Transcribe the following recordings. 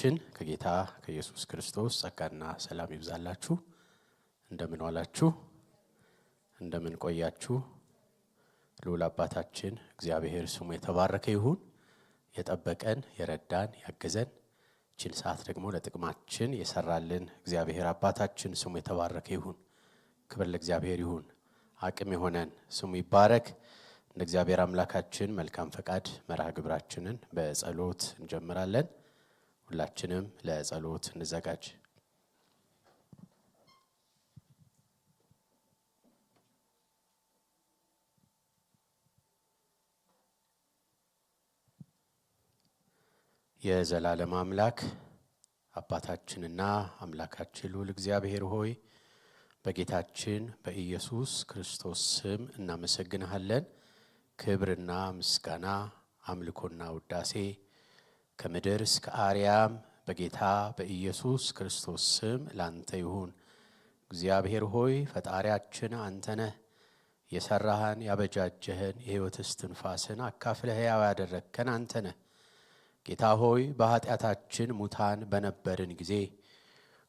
ከአባታችን ከጌታ ከኢየሱስ ክርስቶስ ጸጋና ሰላም ይብዛላችሁ። እንደምን ዋላችሁ? እንደምን ቆያችሁ? ልውል አባታችን እግዚአብሔር ስሙ የተባረከ ይሁን። የጠበቀን፣ የረዳን፣ ያገዘን ችን ሰዓት ደግሞ ለጥቅማችን የሰራልን እግዚአብሔር አባታችን ስሙ የተባረከ ይሁን። ክብር ለእግዚአብሔር ይሁን። አቅም የሆነን ስሙ ይባረክ። እንደ እግዚአብሔር አምላካችን መልካም ፈቃድ መርሃ ግብራችንን በጸሎት እንጀምራለን። ሁላችንም ለጸሎት እንዘጋጅ። የዘላለም አምላክ አባታችንና አምላካችን ልዑል እግዚአብሔር ሆይ በጌታችን በኢየሱስ ክርስቶስ ስም እናመሰግንሃለን። ክብርና ምስጋና አምልኮና ውዳሴ ከምድር እስከ አርያም በጌታ በኢየሱስ ክርስቶስ ስም ላንተ ይሁን። እግዚአብሔር ሆይ ፈጣሪያችን አንተ ነህ። የሰራህን ያበጃጀህን የሕይወት እስትንፋስን አካፍለህ ሕያው ያደረግከን አንተ ነህ። ጌታ ሆይ በኃጢአታችን ሙታን በነበርን ጊዜ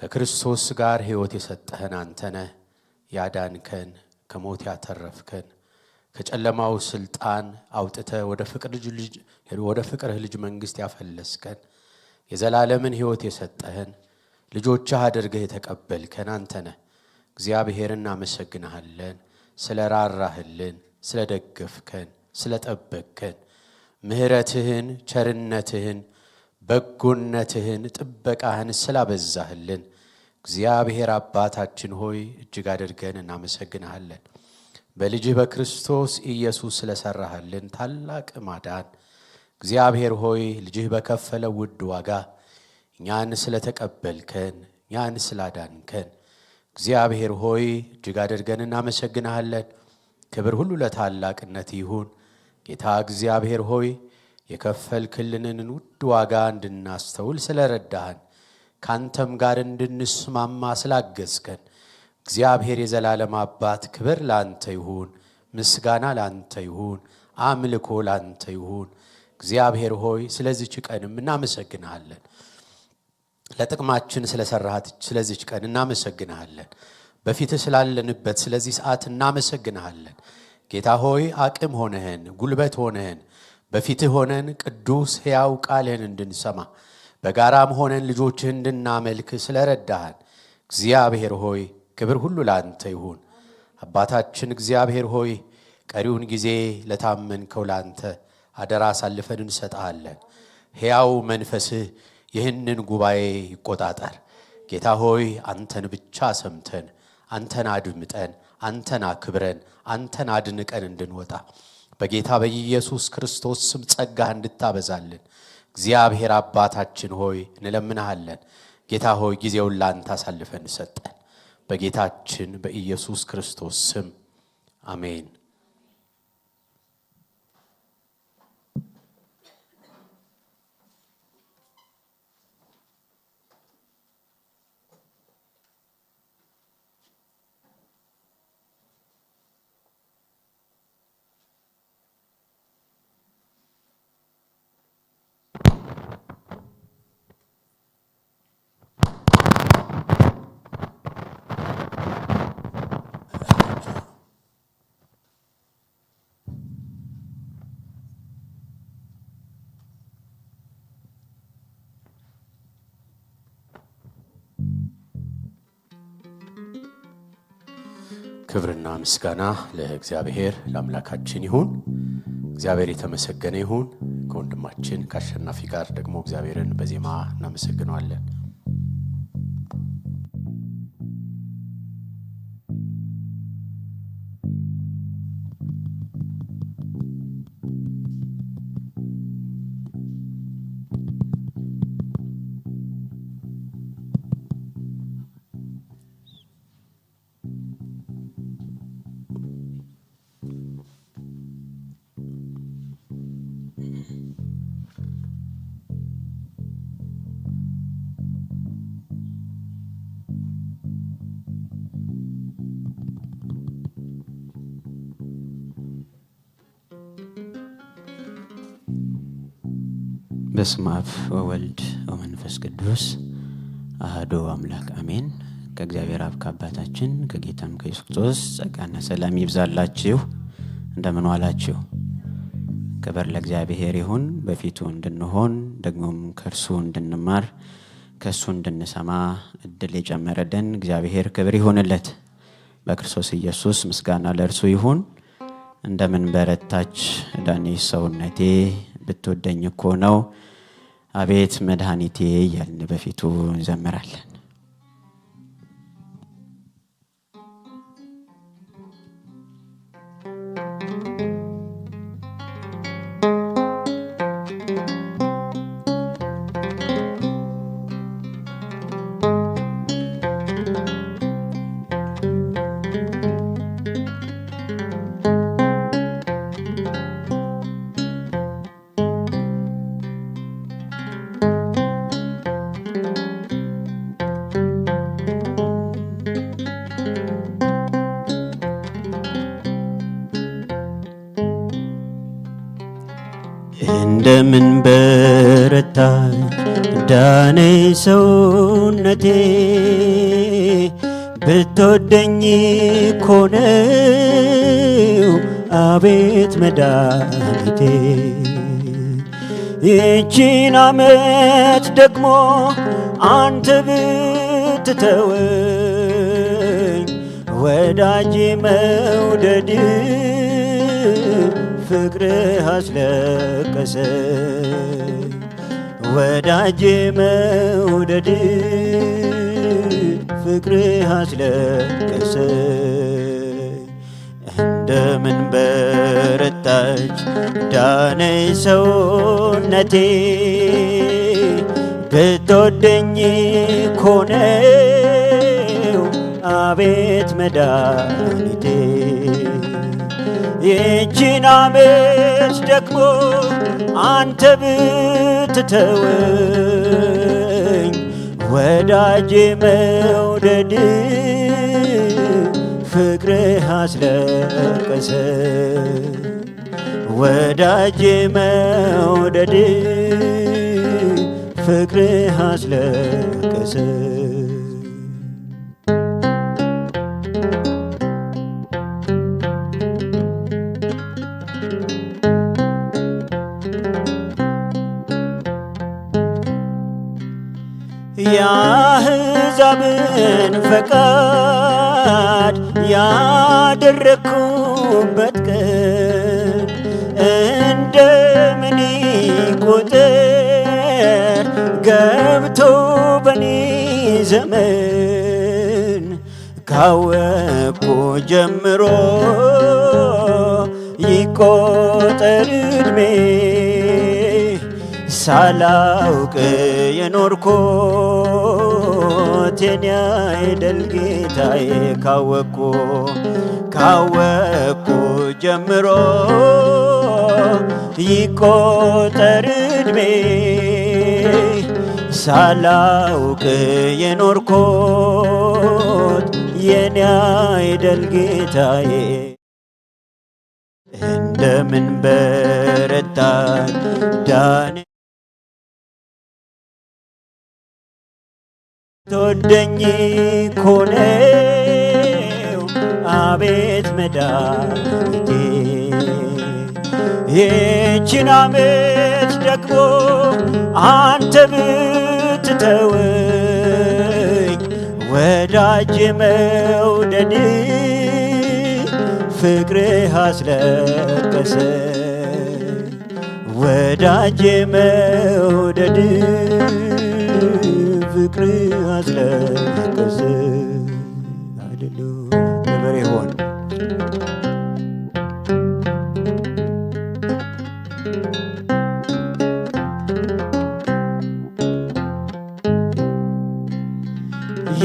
ከክርስቶስ ጋር ሕይወት የሰጠህን አንተ ነህ። ያዳንከን፣ ከሞት ያተረፍከን ከጨለማው ስልጣን አውጥተ ወደ ፍቅርህ ልጅ መንግስት ያፈለስከን የዘላለምን ህይወት የሰጠህን ልጆችህ አድርገህ የተቀበልከን አንተነ ነህ። እግዚአብሔር እናመሰግንሃለን፣ ስለ ራራህልን፣ ስለ ደገፍከን፣ ስለ ጠበቅከን። ቸርነትህን፣ በጎነትህን፣ ጥበቃህን ስላበዛህልን እግዚአብሔር አባታችን ሆይ እጅግ አድርገን እናመሰግንሃለን። በልጅህ በክርስቶስ ኢየሱስ ስለሰራሃልን ታላቅ ማዳን እግዚአብሔር ሆይ ልጅህ በከፈለ ውድ ዋጋ እኛን ስለተቀበልከን እኛን ስላዳንከን እግዚአብሔር ሆይ እጅግ አድርገን እናመሰግንሃለን። ክብር ሁሉ ለታላቅነት ይሁን። ጌታ እግዚአብሔር ሆይ የከፈልክልንን ውድ ዋጋ እንድናስተውል ስለረዳህን ካንተም ጋር እንድንስማማ ስላገዝከን እግዚአብሔር የዘላለም አባት ክብር ላንተ ይሁን፣ ምስጋና ላንተ ይሁን፣ አምልኮ ላንተ ይሁን። እግዚአብሔር ሆይ ስለዚች ቀንም እናመሰግንሃለን። ለጥቅማችን ስለሰራሃት ስለዚች ቀን እናመሰግንሃለን። በፊት ስላለንበት ስለዚህ ሰዓት እናመሰግንሃለን። ጌታ ሆይ አቅም ሆነህን፣ ጉልበት ሆነህን፣ በፊትህ ሆነን ቅዱስ ሕያው ቃልህን እንድንሰማ በጋራም ሆነን ልጆችህ እንድናመልክ ስለረዳህን እግዚአብሔር ሆይ ክብር ሁሉ ለአንተ ይሁን። አባታችን እግዚአብሔር ሆይ ቀሪውን ጊዜ ለታመንከው ለአንተ አደራ አሳልፈን እንሰጥሃለን። ሕያው መንፈስህ ይህንን ጉባኤ ይቆጣጠር። ጌታ ሆይ አንተን ብቻ ሰምተን፣ አንተን አድምጠን፣ አንተን አክብረን፣ አንተን አድንቀን እንድንወጣ በጌታ በኢየሱስ ክርስቶስ ስም ጸጋህ እንድታበዛልን እግዚአብሔር አባታችን ሆይ እንለምንሃለን። ጌታ ሆይ ጊዜውን ለአንተ አሳልፈን ሰጠን። በጌታችን በኢየሱስ ክርስቶስ ስም አሜን። ክብርና ምስጋና ለእግዚአብሔር ለአምላካችን ይሁን። እግዚአብሔር የተመሰገነ ይሁን። ከወንድማችን ከአሸናፊ ጋር ደግሞ እግዚአብሔርን በዜማ እናመሰግነዋለን። በስመ አብ ወወልድ ወመንፈስ ቅዱስ አህዶ አምላክ አሜን። ከእግዚአብሔር አብ ከአባታችን ከጌታም ከኢየሱስ ክርስቶስ ጸጋና ሰላም ይብዛላችሁ። እንደምን ዋላችሁ? ክብር ለእግዚአብሔር ይሁን። በፊቱ እንድንሆን ደግሞም ከእርሱ እንድንማር ከእሱ እንድንሰማ እድል የጨመረልን እግዚአብሔር ክብር ይሁንለት። በክርስቶስ ኢየሱስ ምስጋና ለእርሱ ይሁን። እንደምን በረታች ዳኔ ሰውነቴ ብትወደኝ እኮ ነው አቤት መድኃኒቴ እያልን በፊቱ እንዘምራለን። ለምን በረታ ዳነ ሰውነቴ ብትወደኝ ኮነው አቤት መዳኒቴ ይቺን አመት ደግሞ አንተ ብትተወኝ ወዳጅ መውደድ ፍቅር አስለቀሰ ወዳጅ መውደድ ፍቅር አስለቀሰ እንደምን በረታች ዳነ ሰውነቴ ብትወደኝ ኮነው አቤት መድኃኒቴ ይቺን አመት ደግሞ አንተ ብትተወኝ ወዳጄ መውደድ ፍቅርህ አስለቀሰ ወዳጄ መውደድ ፍቅርህ አስለቀሰ የአሕዛብን ፈቃድ ያደረግኩበት ቀን እንደ እንደምን ይቆጠር ገብቶ በኔ ዘመን ካወቅኩ ጀምሮ ይቆጠር ዕድሜ ሳላውቅ የኖርኩት የኔ አይደል ጌታዬ ካወቅኩ ካወቅኩ ጀምሮ ይቆጠር እድሜ ሳላውቅ የኖርኩት የኔ አይደል ጌታዬ እንደምን በረታ ዳኔ ተወደኝ ኮነው አቤት መድኃኒቴ ይህችን አመት ደግሞ አንተ ብትተወኝ ወዳጅ መውደድ ፍቅርህ አስለቀሰ ወዳጅ መውደድ ፍቅር አዝለህ አይደሉ ነበር ይሆን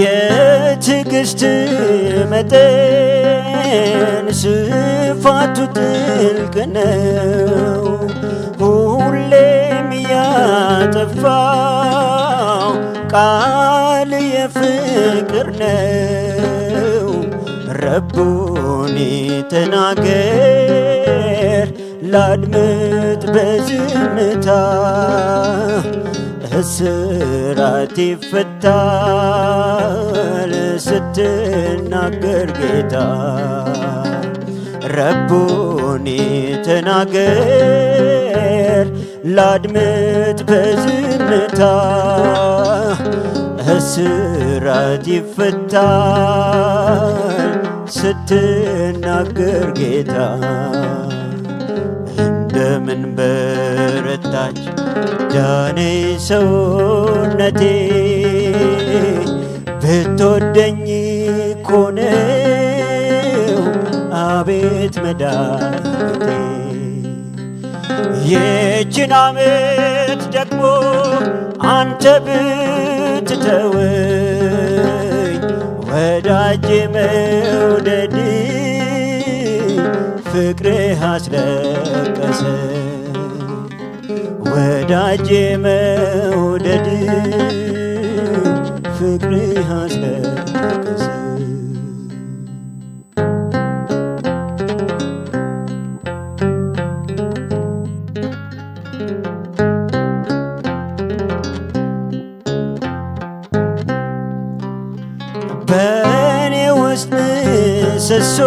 የትዕግስት መጠን ስፋቱ ጥልቅ ነው ሁሌም እያጠፋ ቃል የፍቅር ነው። ረቡኒ ተናገር ላድምጥ በዝምታ እስራት ይፈታል ስትናገር ጌታ ረቡኒ ተናገር ላድምጥ በዝምታ እስራት ይፈታል ስትናገር ጌታ እንደምን በረታች ዳኔ ሰውነቴ ብትወደኝ ኮነው አቤት መዳቴ ይችን ዓመት ደግሞ አንተ ብትተወኝ ወዳጅ መውደድ ፍቅርህ አስለቀሰ ወዳጅ መውደድ ፍቅርህ አስለቀሰ ምሰሶ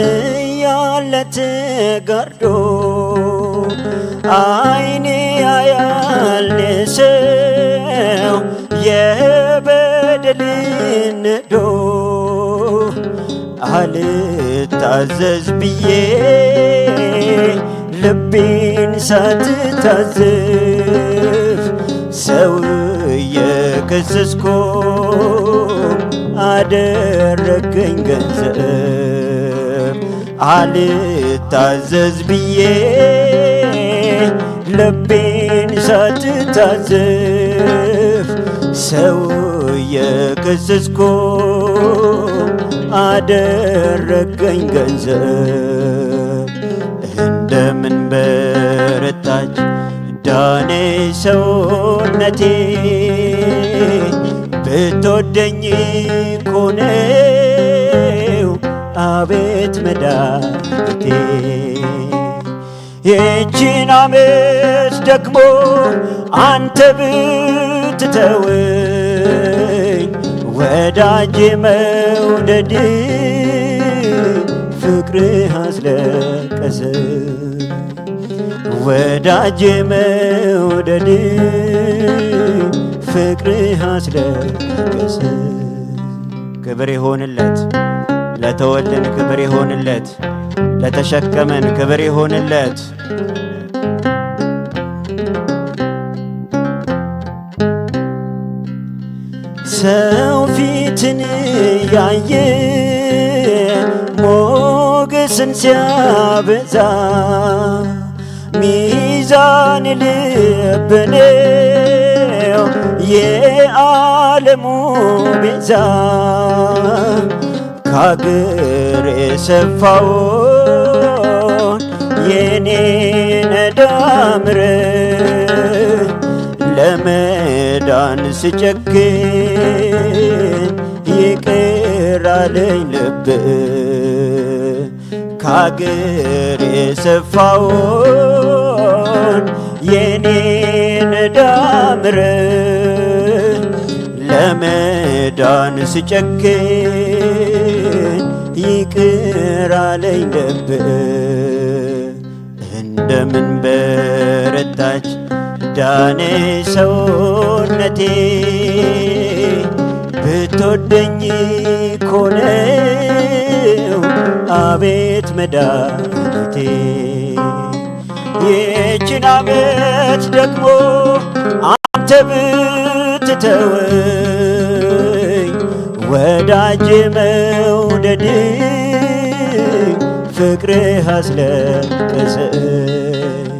እያለ ተጋርዶ አይኔ ያያል ሰው አልታዘዝ ብዬ ልቤን ሳትታዝፍ ሰው የከሰስኮ አደረገኝ ገንዘብ አልታዘዝ ብዬ ልቤን ሳትታዘፍ ሰው የገዘዝኮ አደረገኝ ገንዘብ እንደምን በረታች ዳኔ ሰውነቴ ብትወደኝ ኮነው አቤት መዳቴ የእጅን አመት ደግሞ አንተ ብትተወኝ ወዳጄ መውደድ ፍቅርህ አስለቀሰ ወዳጄ መውደድ ፍቅር አስለቅስ። ክብር ይሆንለት ለተወልን፣ ክብር ይሆንለት ለተሸከመን፣ ክብር ይሆንለት ሰው ፊትን ያየ ሞገስን ሲያበዛ ሚዛን ልብን የዓለሙ ቤዛ ከአገር የሰፋውን የኔን ዳምር ለመዳን ስጨክን ይቅር አለኝ ልብ ካግር የሰፋውን የኔን ዕዳ ለመዳን ስጨክን ይቅር አለኝ ልብ እንደምን በረታች ዳኔ ሰውነቴ ብትወደኝ ኮነው አቤት መድኃኒቴ የችን አመት ደግሞ አንተ አትተወኝ ወዳጄ መውደድ ፍቅርህ አስለቀሰኝ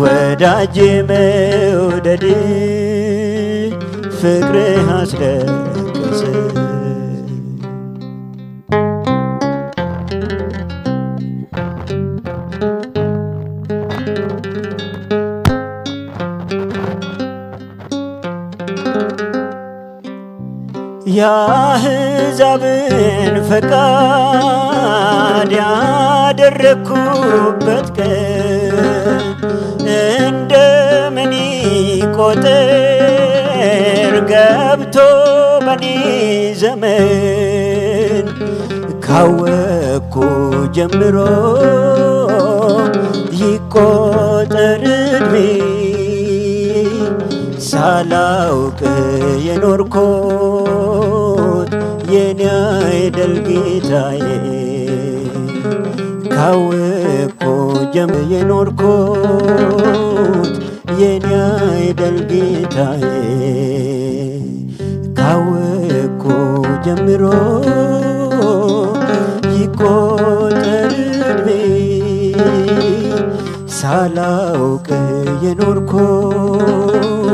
ወዳጄ መውደድ ፍቅርህ አስለቀሰኝ ያህዛብን ፈቃድ ያደረግኩበት ቀን እንደ ምን ቆጥር ገብቶ በኔ ዘመን ካወቅኩ ጀምሮ ይቆጠር እድሜ ሳላውቅ የኖርኩት የኔ አይደል ጌታዬ ካወቅኩ ጀም የኖርኩት የኔ አይደል ጌታዬ ካወቅኩ ጀምሮ ይቆጠር ዕድሜ ሳላውቅ የኖርኩት